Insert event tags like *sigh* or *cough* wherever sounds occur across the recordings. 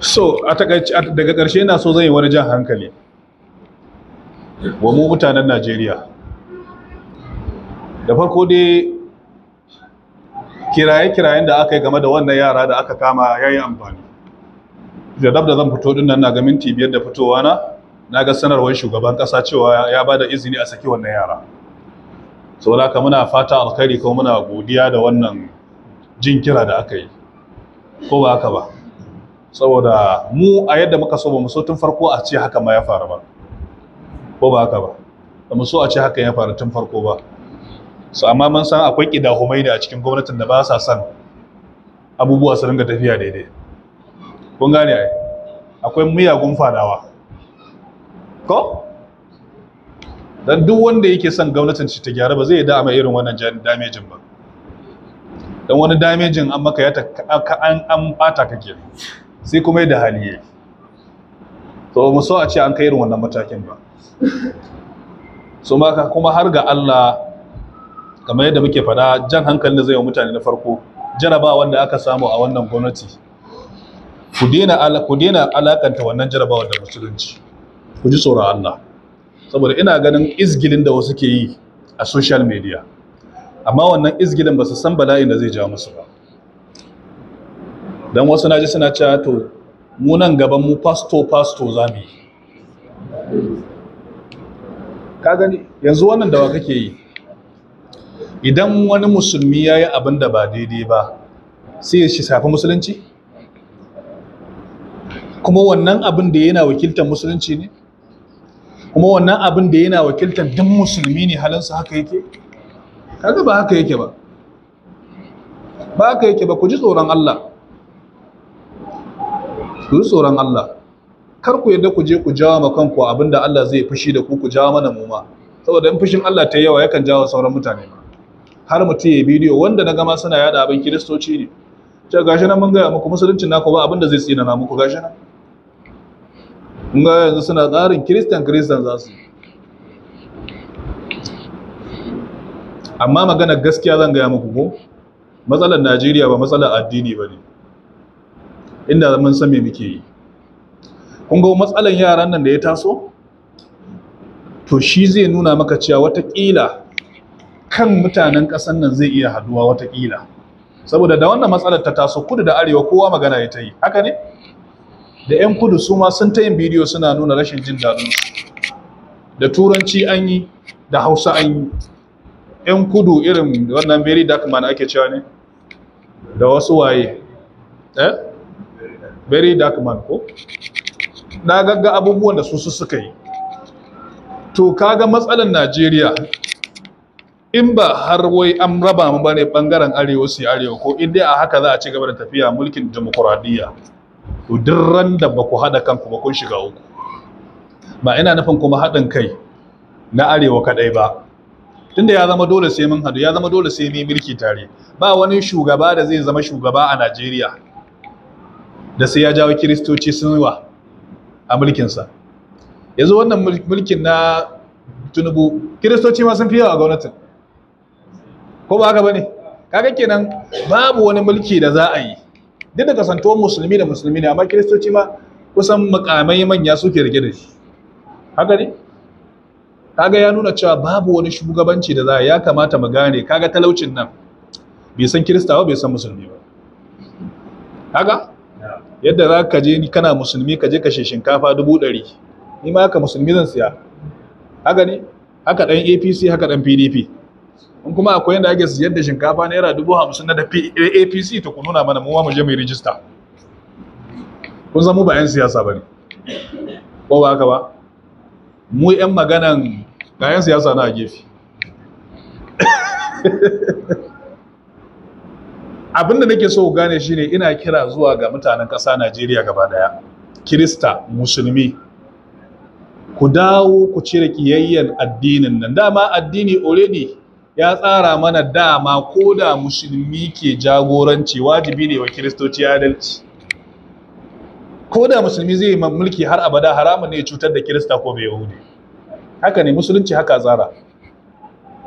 so a daga ƙarshe na so zan yi wani jan hankali wa mu mutanen najeriya da farko dai kiraye-kirayen da aka yi game da wannan yara da aka kama ya yi amfani da dab da zan fito din nan na ga minti biyar da fitowa na na ga sanarwar shugaban ƙasa cewa ya ba da izini a saki wannan yara saboda haka muna fata alkhairi ko muna godiya da wannan jin kira da aka yi ko ba aka ba saboda mu a yadda muka so ba mu so tun farko a ce haka ma ya faru ba ko ba haka ba ba mu so a ce haka ya faru tun farko ba so amma mun san akwai kidahumai da a cikin gwamnatin da ba sa son abubuwa su ringa tafiya daidai kun gane ai akwai miyagun fadawa ko dan duk wanda yake son gwamnatin ci ta gyara ba zai da mai irin wannan damage ba dan wani damage an maka ya ta an an bata kake sai kuma yadda hali yi to mu so a ce an kai irin wannan matakin ba so maka kuma har ga Allah kamar yadda muke fada jan hankali da zai wa mutane na farko jaraba wanda aka samu a wannan gwamnati ku daina ku dena alakanta wannan jarabawa da musulunci ku ji tsoron Allah saboda ina ganin izgilin da wasu ke yi a social media amma wannan izgilin ba su san bala'in da zai ja musu ba don wasu naji suna cewa to mu nan gaban mu pasto pasto za mu yi ka gani yanzu wannan dawa kake yi idan wani musulmi ya yi abin da ba daidai ba sai shi safi musulunci kuma wannan abin da yana wakiltar musulunci ne kuma wannan abin da yana wakiltar duk musulmi ne halinsa haka yake kaga ba haka yake ba ba haka yake ba ku ji tsoron Allah ku yi tsoron Allah kar ku yadda ku je ku jawo ma kanku abinda Allah zai fushi da ku ku jawo mana mu ma saboda in fushin Allah ta yawa yakan jawo sauran mutane ma har mutum ya bidiyo wanda na gama suna yada abin kiristoci ne ce gashi nan mun gaya muku musuluncin naku ba abinda zai na muku gashi nan mun ga yanzu suna tsarin kiristan kiristan za su amma magana gaskiya zan gaya muku ko matsalar Najeriya ba matsalar addini ba ne inda mun san me muke yi kun ga matsalan yaran nan da ya taso to shi zai nuna maka cewa wataƙila kan mutanen ƙasar nan zai iya haduwa watakila saboda da wannan matsalar ta taso kudu da arewa kowa magana ya ta yi haka ne da ƴan kudu su ma sun ta yin bidiyo suna nuna rashin jin daɗin da turanci an yi da hausa an yi Ƴan kudu irin wannan very dark man ake cewa ne da wasu waye eh very dark man ko na gagga abubuwan da su suka yi to kaga matsalan najeriya in ba har wai an raba mu bane bangaren arewa su arewa ko in dai a haka za a ci gaba da tafiya mulkin demokuraɗiyya to duk ran da ba ku haɗa kanku ba kun shiga uku ba ina nufin kuma haɗin kai na arewa kadai ba tunda ya zama dole sai mun hadu, ya zama dole sai mun mulki tare ba wani shugaba da zai zama shugaba a najeriya da sai ya jawo kiristoci sun wa a mulkinsa yanzu wannan mulkin na tunubu kiristoci ma sun fi yawa gwamnatin ko ba haka ba ne kaga kenan babu wani mulki da za a yi duk da kasantuwar musulmi da musulmi ne amma kiristoci ma kusan mukamai manya suke rike da shi haka ne kaga ya nuna cewa babu wani shugabanci da za a ya kamata mu gane kaga talaucin nan bai san kirista ba bai san musulmi ba haka. yadda za ka je kana musulmi ka je ka she shinkafa dubu ɗari ni ma haka musulmi zan siya haka ne haka ɗan apc haka ɗan pdp in kuma akwai yadda ake siyar da shinkafa naira dubu hamsin na da eh, apc ta ku nuna mana mu mu je mai rijista kun san ba 'yan siyasa ba ne ko ba haka ba mu 'yan maganan ga 'yan siyasa na a gefe *laughs* abin da nake so gane shine ina kira zuwa ga mutanen ƙasa Najeriya gaba daya Kirista musulmi ku dawo ku cire kiyayyen addinin nan dama addini already ya tsara mana dama ko da musulmi ke jagoranci wajibi ne wa kiristoci adalci ko da musulmi zai mulki har abada haramun ne cutar da kirista ko bai yahudi haka ne musulunci haka tsara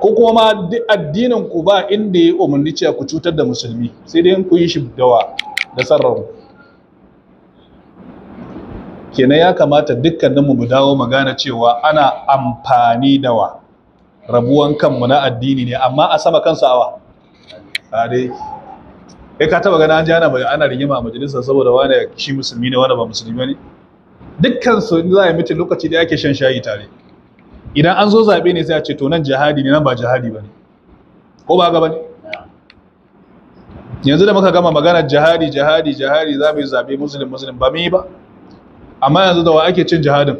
ko kuma ma addinin ku ba inda ya umarni cewa ku cutar da musulmi sai dai ku yi shi dawa da sarrafa kenan ya kamata dukkaninmu mu dawo magana cewa ana amfani da wa rabuwan kanmu na addini ne amma a sama kansa awa a dai kai ka taba gana an ji ana ana rigima a majalisa saboda wani shi musulmi ne wani ba musulmi ne dukkan su za a yi mutum lokaci da ake shan shayi tare idan an zo zaɓe ne sai a ce to nan jihadi ne nan ba jihadi ba ne ko ba gaba ne yanzu da muka gama magana jihadi jihadi jihadi za mu yi zaɓe musulun musulun ba mu yi ba amma yanzu da wa ake cin jihadin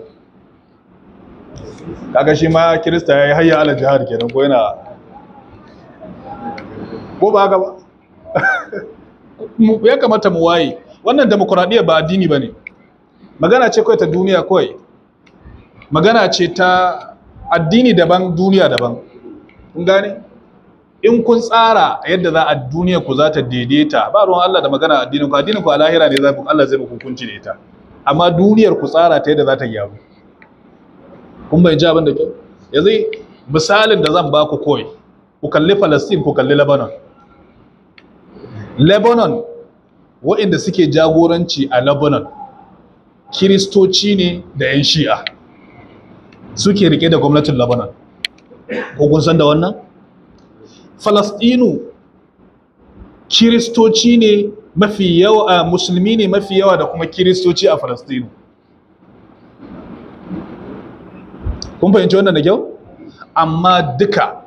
kaga shi ma kirista ya yi hayya ala jihadi kenan ko yana ko ba gaba *laughs* ya kamata mu waye wannan demokuraɗiyya ba addini ba ne magana ce kawai ta duniya kawai magana ce ta addini daban duniya daban kun gane in kun tsara yadda za a duniya ku za ta daidaita ba ruwan Allah da magana addinin ku addinin ku a lahira ne za ku Allah zai muku hukunci da ita amma duniyar ku tsara ta yadda za ta gyaru kun bai ji abin da ke yanzu misalin da zan ba ku koyi ku kalli Palestine ku kalli Lebanon Lebanon waɗanda suke jagoranci a Lebanon kiristoci ne da 'yan shi'a suke rike da gwamnatin Lebanon ko kun san da wannan Falastinu kiristoci ne mafi yawa musulmi ne mafi yawa da kuma kiristoci a Falastinu kun fahimci wannan da kyau amma duka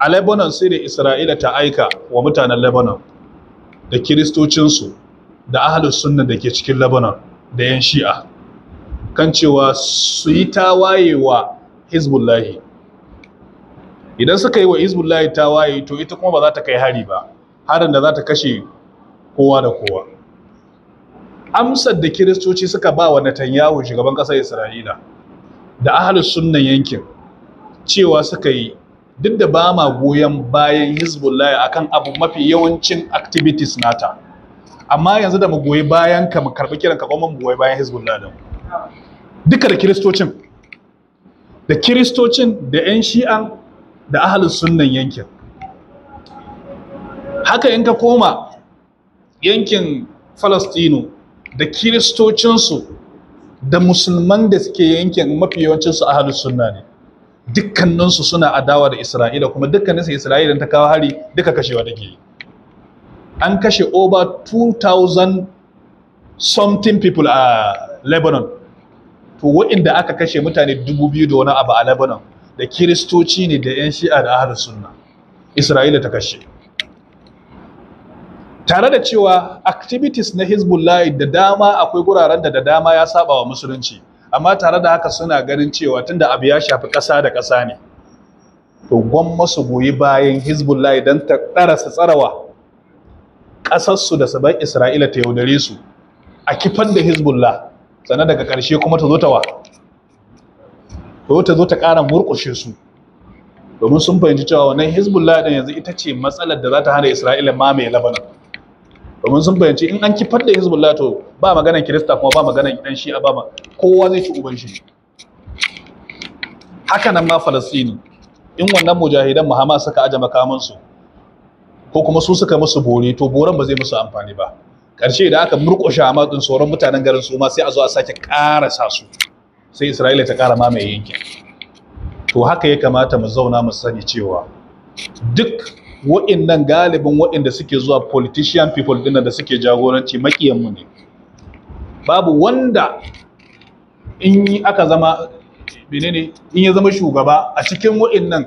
a Lebanon sai da Isra'ila ta aika wa mutanen Lebanon da kiristocinsu da ahalus sunna da ke cikin Lebanon da 'yan shi'a kan cewa su yi tawaye wa idan suka yi wa Hezbollah tawaye to ita kuma ba za ta kai hari ba harin da za ta kashe kowa da kowa amsar da kiristoci suka ba wa Netanyahu shugaban ƙasar Isra'ila da ahalus sunnan yankin cewa suka yi duk da ba ma goyon bayan Hezbollah akan abu mafi yawancin activities nata amma yanzu da mu goyi bayan ka mu karɓi kiran ka kuma mu goyi bayan Hezbollah duka da kiristocin da kiristocin da 'yan shi'an da ahalin Sunan yankin haka in ka koma yankin falastino da kiristocinsu da musulman da suke yankin mafi yawancinsu ahalin sunna ne dukkaninsu suna adawa da isra'ila kuma dukkaninsu isra'ila ta kawo hari duka kashewa da yi an kashe over 2000 something people a lebanon to wa'inda aka kashe mutane dubu biyu da wani abu a Lebanon da kiristoci ne da 'yan shi'a da ahar sunna Isra'ila ta kashe tare da cewa activities na Hezbollah da dama akwai guraren da da dama ya saba wa musulunci amma tare da haka suna ganin cewa tun da abu ya shafi ƙasa da ƙasa ne to masu su goyi bayan Hezbollah don ta ɗara su tsarawa ƙasarsu da saban Isra'ila ta yaudare su a kifan da Hezbollah sannan daga ƙarshe kuma ta zo ta wa ta zo ta ƙara murƙushe su domin sun fahimci cewa wannan hezbollah din yanzu ita ce matsalar da za ta hana isra'ila mamaye labanan domin sun fahimci in an kifar da hezbollah to ba maganar kirista kuma ba maganar shi a ba kowa zai ci uban shi haka nan ma falastini in wannan mujahidan muhammad suka aje makamansu ko kuma su suka musu bore to boran ba zai musu amfani ba karshe da aka murƙushe a matsin sauran mutanen garin su ma sai a zo a sake ƙara su sai Isra'ila ta ƙara mamaye yankin to haka ya kamata mu zauna mu sani cewa duk waɗannan galibin waɗanda suke zuwa politician people ɗin da suke jagoranci maƙiyanmu ne babu wanda in aka zama menene in ya zama shugaba a cikin waɗannan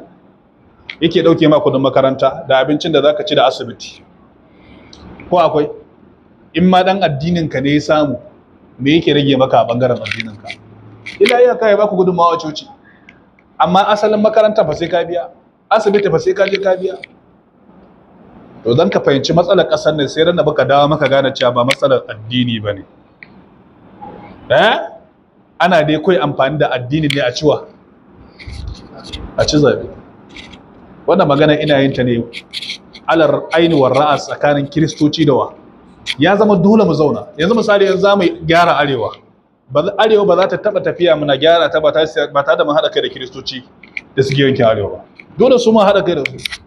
yake ɗauke ma kudin makaranta da abincin da zaka ci da asibiti ko akwai in ma dan addinin ka ne ya samu me yake rage maka a bangaren addinin ka ila iya kai baku gudunmawa coci amma asalin makaranta fa sai ka biya asibiti fa sai ka je ka biya to dan ka fahimci matsalar kasar ne sai ranna baka dawo maka gane cewa ba matsalar addini bane eh ana dai koyi amfani da addini ne a ciwa a ci zabi wannan magana ina yin ta ne alar ainihin ra'as tsakanin kiristoci da wa ya zama dole mu zauna yanzu misali yanzu za mu gyara arewa arewa ba za ta taba tafiya muna gyara ta ba ta da mu haɗa kai da kiristoci da suke yankin arewa ba dole su ma haɗa kai da su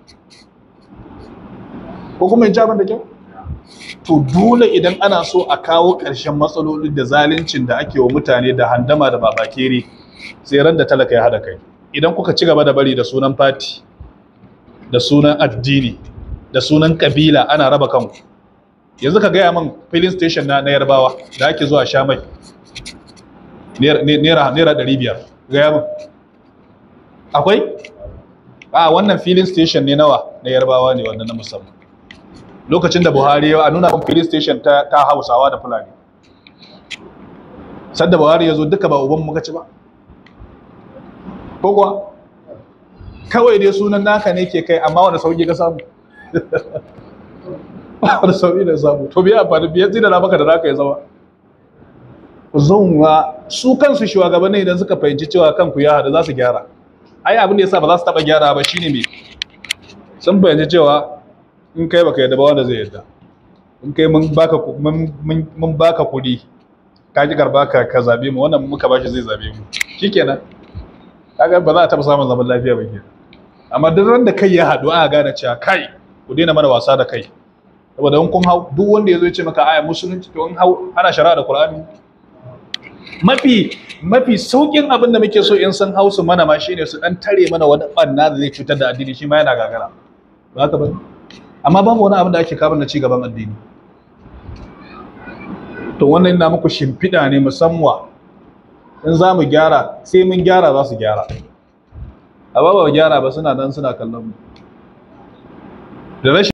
ko kuma in abin da kyau to dole idan ana so a kawo ƙarshen matsalolin da zaluncin da ake wa mutane da handama da babakere sai ran da talaka ya haɗa kai idan kuka ci gaba da bari da sunan fati da sunan addini da sunan kabila ana raba kanku yanzu ka gaya min filin station na na yarbawa da ake zuwa sha mai naira naira ɗari biyar gaya min akwai a wannan filin station ne nawa na yarbawa ne wannan na musamman lokacin da buhari ya nuna kan filin station ta, ta hausawa da fulani sadda buhari ya zo duka ba uban muka ci ba ko kuwa kawai dai sunan naka ne ke kai amma wanda sauki ka samu *laughs* har da sauƙi da samu to biya amfani biya zai da na maka da naka ya zama wa su kansu shugabanni idan suka fahimci cewa kanku ya hada za su gyara ai abin da yasa ba za su taba gyara ba shine me sun fahimci cewa in kai baka yadda ba wanda zai yadda in kai mun baka mun baka kuɗi ka ji karba ka ka zabe mu wannan muka bashi zai zabe mu shikenan kaga ba za a taba samun zaman lafiya ba kenan amma duk ran da kai ya hadu a gane cewa kai ku daina mana wasa da kai saboda in kun hau duk wanda ya zo ya ce maka aya musulunci to in hau ana shari'a da qur'ani mafi mafi saukin abin da muke so in san hausu mana ma shine su dan tare mana wani banna da zai cutar da addini shi ma yana gagara ba haka bane amma babu wani abin da ake kawo na ci gaban addini to wannan ina muku shimfiɗa ne musamman in za mu gyara sai mun gyara za su gyara a ba gyara ba suna nan suna kallon mu da